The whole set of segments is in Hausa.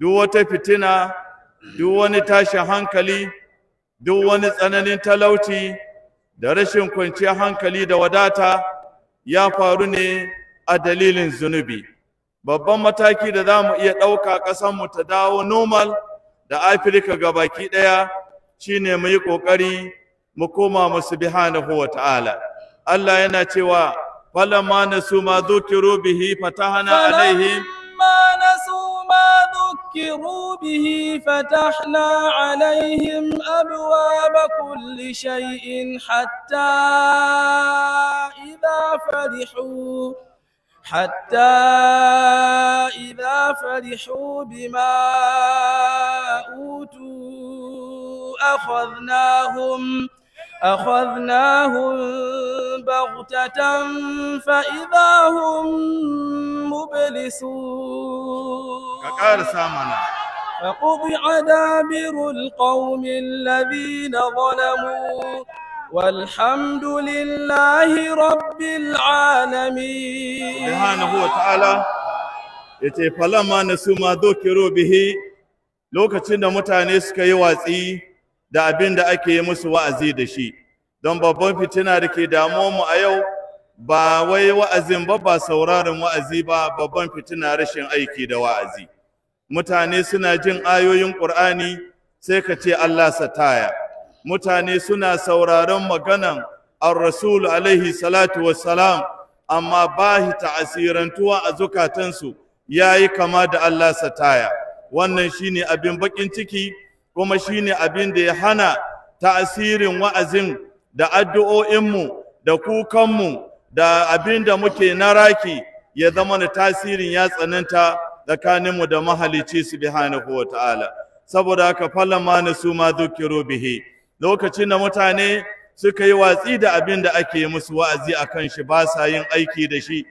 duk wata fitina duk wani tashin hankali duk wani tsananin talauci da rashin kwanciyar hankali da wadata ya faru ne a dalilin zunubi babban mataki da za mu iya ɗauka ƙasanmu ta dawo normal da afirka baki ɗaya shine mu yi ƙoƙari mu koma musu subhanahu wa ta'ala allah yana cewa falamma nasu ma dhukiru bihi fatahana alaihim ذكروا به فتحنا عليهم أبواب كل شيء حتى إذا فرحوا حتى إذا فرحوا بما أوتوا أخذناهم أخذناهم بغتة فإذا هم مبلسون فقضع دابر القوم الذين ظلموا والحمد لله رب العالمين سبحانه تعالى yace falama na su ma dokiru bihi lokacin da mutane suka yi watsi da abin da ake yi musu wa'azi da shi don babban fitina da ke damuwa mu a yau ba wai wa'azin ba ba sauraron wa'azi ba babban fitina rashin aiki da wa'azi mutane suna jin ayoyin ƙur'ani sai ka ce Allah sataya mutane suna sauraron maganan ar-rasul alaihi salatu wassalam amma ba shi ta'asirantuwa a zukatansu yi kama da Allah sa taya. wannan shine abin bakin ciki kuma shine abin da ya hana ta'asirin wa'azin da addu'o'inmu da kukanmu da abin da muke na raki ya zama da tasirin ya tsananta tsakaninmu da mahalicci subhanahu wa ta'ala saboda haka ma na su ma zukiru bihi lokacin da mutane suka yi watsi da abin da ake musu wa'azi a kan shi ba sa yin aiki da shi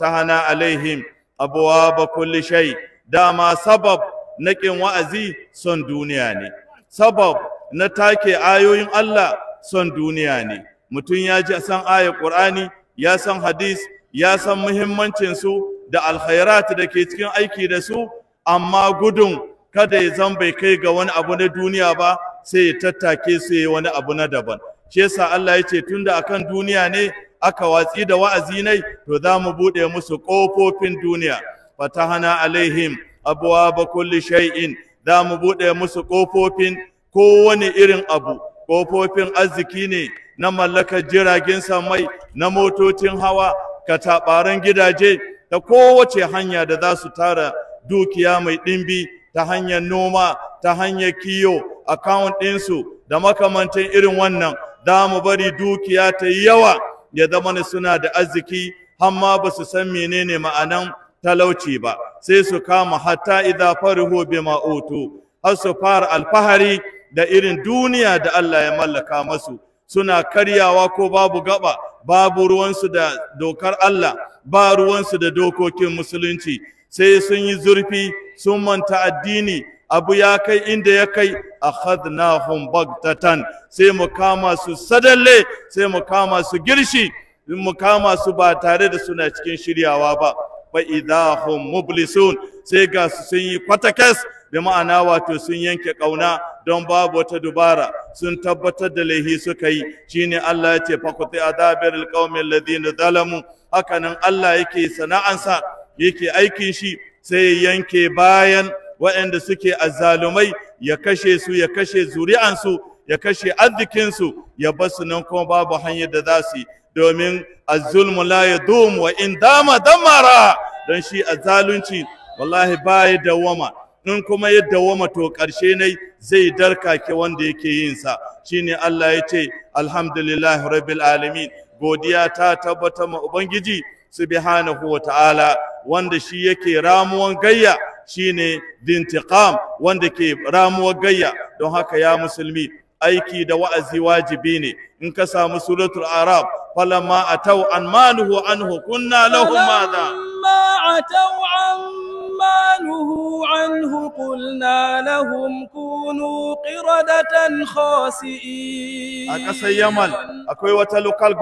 hana alaihim abuwa ba kulli shai dama sabab na ƙin wa'azi son duniya ne sabab na take ayoyin Allah son duniya ne mutum ya ji san aya ƙur'ani ya san hadis ya san muhimmancin su da alkhairat da ke cikin aiki da su amma gudun kada ya zan bai kai ga wani abu na duniya ba sai ya tattake su ya wani abu na daban shi yasa Allah ya ce tunda akan duniya ne aka watsi da wa'azi ne to za mu buɗe musu ƙofofin duniya fatahana alaihim ba kulli shay'in za mu buɗe musu ƙofofin kowane irin abu kofofin arziki ne na mallakar jiragen samai na motocin hawa tabaran gidaje da kowace hanya da za su tara dukiya mai ɗimbi ta hanyar noma ta hanyar kiyo account ɗinsu da makamantan irin wannan za mu bari dukiya ta yi yawa ya zama na suna da arziki amma ba su san menene ma'anan talauci ba sai su kama hatta idza farihu bima utu har su fara alfahari da irin duniya da Allah ya mallaka masu suna karyawa ko babu gaba babu ruwansu da dokar Allah ba ruwansu da dokokin musulunci sai sun yi zurfi sun manta addini abu ya kai inda ya kai a akhadnahum bagtatan sai mu kama su sadalle sai mu kama su girshi mu kama su ba tare da suna cikin shiryawa ba fa idahum mublisun sai ga su sun yi kwatakas bi ma'ana wato sun yanke kauna don babu wata dubara sun tabbatar da laihi suka yi shine Allah ya ce faqti adabiril qaumil ladina zalamu hakanan Allah yake sana'ansa yake aikin shi sai yanke bayan waɗanda suke azzalumai ya kashe su ya kashe zuri'ansu ya kashe arzikinsu ya basu nan kuma babu hanyar da za su yi domin azzulmu la yadum wa in dama damara don shi azzalunci wallahi baya dawama in kuma ya dawoma to ƙarshe ne zai darkake wanda yake yin sa shine Allah ya ce alhamdulillahi rabbil alamin godiya ta tabbata ma ubangiji subhanahu wa ta'ala wanda shi yake ramuwan gayya shine dintiqam wanda ke ramuwan gayya don haka ya musulmi aiki da wa'azi wajibi ne in ka samu suratul arab falamma atau an manuhu anhu kunna lahum madha ma atau an عنوانه عنه قلنا لهم كونوا قردة خاسئين أكسا يمن أكوي وتلوكال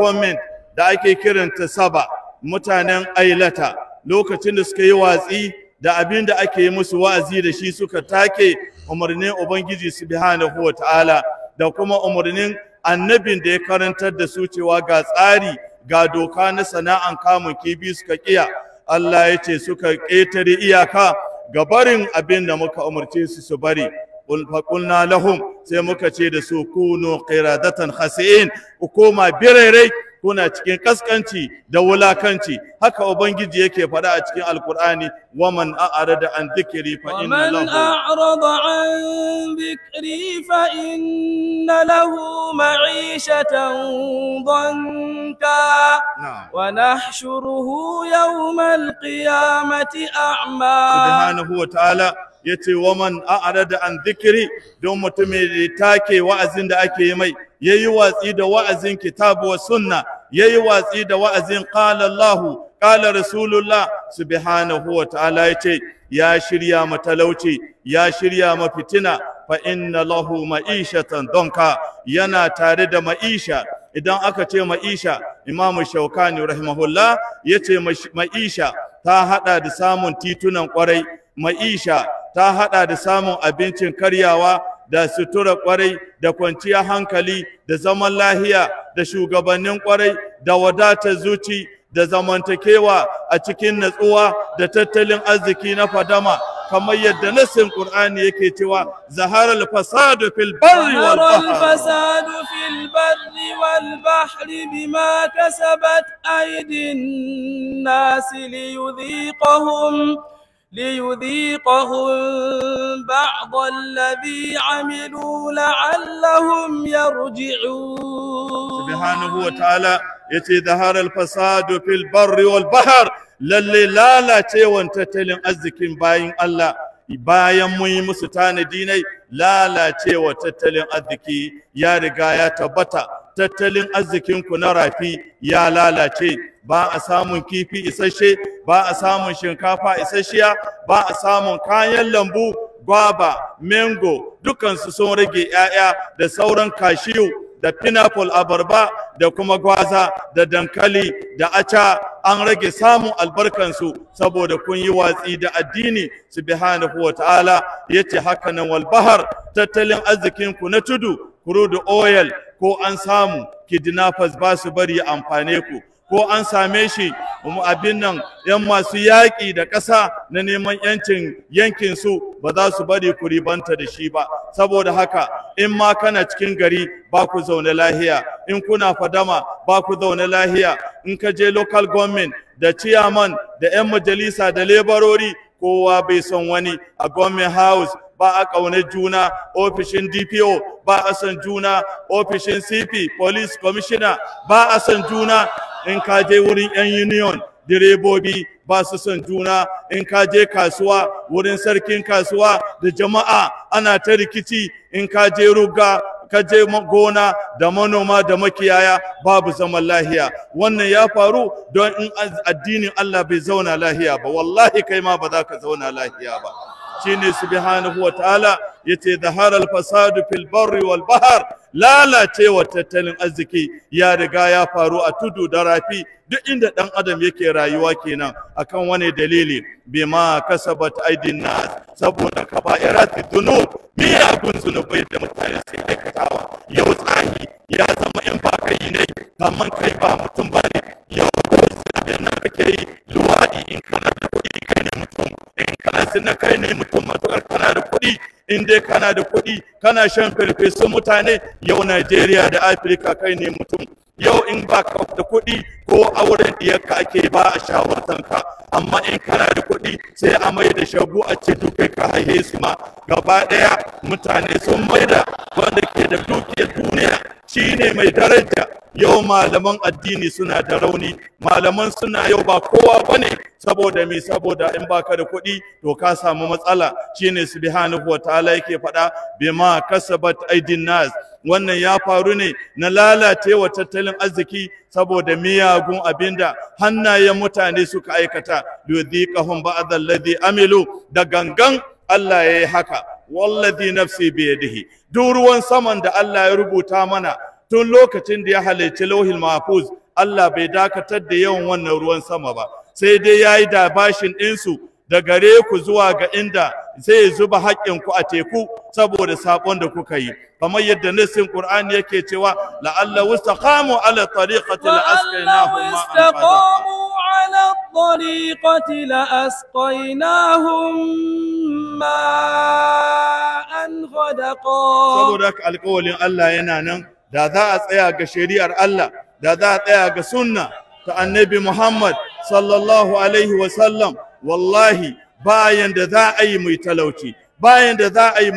da ake kiranta saba mutanen ailata lokacin da suka yi watsi da abinda ake yi musu wa'azi da shi suka take umarnin ubangiji subhanahu wa da kuma umarnin annabin da ya karantar da su cewa ga tsari ga doka na sana'an kamun kibi suka ƙiya. Allah ya ce suka ƙetare iyaka ga barin abin da muka umarce su su bari faƙulna lahum sai muka ce da su kunu ƙiradatan hasi'in, ku koma birairai kuna cikin kaskanci da wulakanci haka ubangiji yake faɗa a cikin alkur'ani waman a'rada an dhikri fa inna lahu a'rada an dhikri fa inna lahu ma'ishatan dhanka wa nahshuruhu yawmal qiyamati a'ma subhanahu wa ta'ala ya ce waman a'arada an zikiri don mutumin da take wa'azin da ake yi mai yayi watsi da wa'azin kitabu wa sunna yayi watsi da wa'azin qala Allahu qala rasulullah subhanahu wa ta'ala yace ya shirya matalauci ya shirya mafitina fa inna lahu ma'ishatan donka yana tare da ma'isha idan aka ce ma'isha imamu shaukani rahimahullah yace ma'isha ta hada da samun titunan kwarai ma'isha ta hada da samun abincin karyawa da sutura kwarai da kwanciya hankali da zaman lahiya da shugabannin kwarai da wadatar zuci da zamantakewa a cikin natsuwa da tattalin arziki na fadama kamar yadda nasin Qur'ani yake cewa zaharal fasadu fil barri wal bahri fasadu fil barri wal bahri bima kasabat aydin nas ليذيقهم بعض الذي عملوا لعلهم يرجعون سبحانه وتعالى يتي ظهر الفساد في البر والبحر lalle lalacewan tattalin arzikin bayan Allah bayan mun yi musu tanadi ne lalacewa tattalin arziki ya riga ya tabbata tattalin arzikinku na rafi ya lalace ba a samun kifi isasshe ba a samun shinkafa isasshiya ba a samun kayan lambu gwaba mango dukansu sun rage 'ya'ya da sauran kashiyu da pineapple abarba da kuma gwaza da dankali da aca an rage samun albarkansu saboda kun yi watsi da addini su bi ta'ala ya ce hakanan walbahar tattalin arzikinku na tudu crude oil ko an samu kidnappers ba su bari amfane ku ko an same shi mu abin nan yan masu yaƙi da ƙasa na neman yancin yankin su ba za su bari ku ribanta da shi ba saboda haka in ma kana cikin gari ba ku zaune lahiya in kuna fadama ba ku zaune lahiya in ka je local government da chairman da 'yan majalisa da lebarori kowa bai son wani a government house ba a ƙaunar juna ofishin dpo ba a san juna ofishin cp police commissioner ba a san juna in ka je wurin yan union direbobi ba su son juna in ka je kasuwa wurin sarkin kasuwa da jama'a ana ta rikici in ka je ruga ka je gona da manoma da makiyaya babu zaman lahiya wannan ya faru don in addinin Allah bai zauna lahiya ba wallahi kai ma ba za ka zauna lahiya ba shine subhanahu wataala yace dhahara al-fasadu fil barri wal bahr lalacewa tattalin arziki ya riga ya faru a tudu da rafi duk inda ɗan adam yake rayuwa kenan akan wani dalili bima kasabat aidin nas saboda kaba'irat miya gun zunubai da mutane su aikatawa yau tsahi ya zama in ba kai ne kamar kai ba mutum bane yau ko da na kake yi luwadi in kana talatin na kai ne mutum matuƙar kana da kuɗi in dai kana da kuɗi kana shan su mutane yau Najeriya da Afirka kai ne mutum yau in ba ka da kuɗi ko auren diyarka ake ba a shawartanka amma in kana da kuɗi sai a mai da shabu a ce dukai ka haihe su ma gaba ɗaya mutane sun mai da wanda ke da dukiyar duniya shine mai daraja yau malaman addini suna da rauni malaman suna yau ba kowa bane saboda me saboda in baka da kuɗi to ka samu matsala shine subhanahu ala yake faɗa bima kasabat aidin nas wannan ya faru ne na lalacewa tattalin arziki saboda miyagun abinda hannayen mutane suka aikata yudhiqahum ba'd alladhi amilu da gangan Allah ya yi haka wallazi nafsi biyadihi duk ruwan saman da Allah ya rubuta mana tun lokacin da ya halarci lauhin mahfuz Allah bai dakatar da yawan wannan ruwan sama ba sai dai ya yi dabashin ɗinsu da gare ku zuwa ga inda zai zuba haƙƙinku a teku saboda saƙon da kuka yi kamar yadda nassin Qur'ani yake cewa la'alla wastaqamu ala tariqati la'asqaynahum ma'an على الطريقة لأسقيناهم ماء غدقا saboda alƙawalin Allah yana nan da za a tsaya ga shari'ar Allah da za a tsaya ga sunna ta annabi Muhammad sallallahu alaihi wasallam wallahi bayan da za a yi mai talauci bayan da za a yi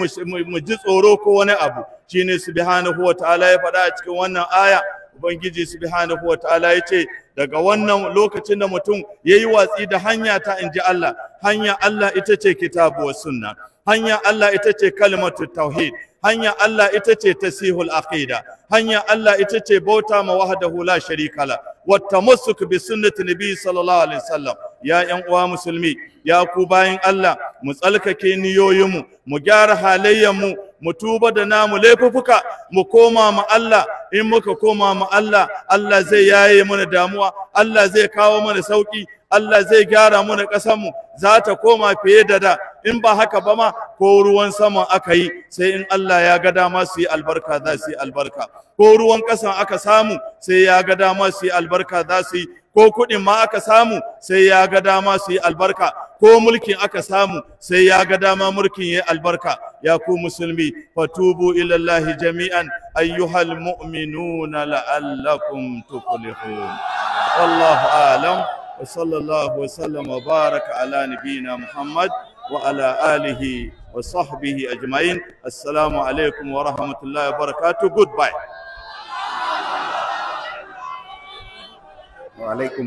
mu ji tsoro ko wani abu shine subhanahu wataala ya faɗa a cikin wannan aya ubangiji subhanahu wataala ya ce daga wannan lokacin da mutum ya yi watsi da hanya ta inji Allah hanya Allah ita ce kitabu wa sunna hanya Allah ita ce kalmatu tauhid hanya Allah ita ce tasihul aqida hanya Allah ita ce bauta ma wahdahu la sharika la wa tamassuk bi sunnati nabi sallallahu alaihi wasallam ya yan uwa musulmi ya ku bayin Allah mu tsalkake niyoyinmu mu gyara halayyan mu mu tuba da namu laifuka mu koma ma Allah in muka koma ma Allah Allah zai yaye mana damuwa Allah zai kawo mana sauki Allah zai gyara mana mu za ta koma fiye da da in ba haka ba ma ko ruwan sama aka yi sai in Allah ya ga dama su yi albarka za su yi albarka ko ruwan ƙasa aka samu sai ya ga dama su yi albarka za su yi ko kuɗin ma aka samu sai ya ga dama su yi albarka ko mulkin aka samu sai ya ga dama mulkin ya albarka ya ku musulmi fatubu ilallahi jami'an ayyuhal mu'minuna la'allakum tuflihun wallahu a'lam wa sallallahu wa sallam wa baraka ala nabiyina muhammad وعلى آله وصحبه أجمعين السلام عليكم ورحمة الله وبركاته goodbye وعليكم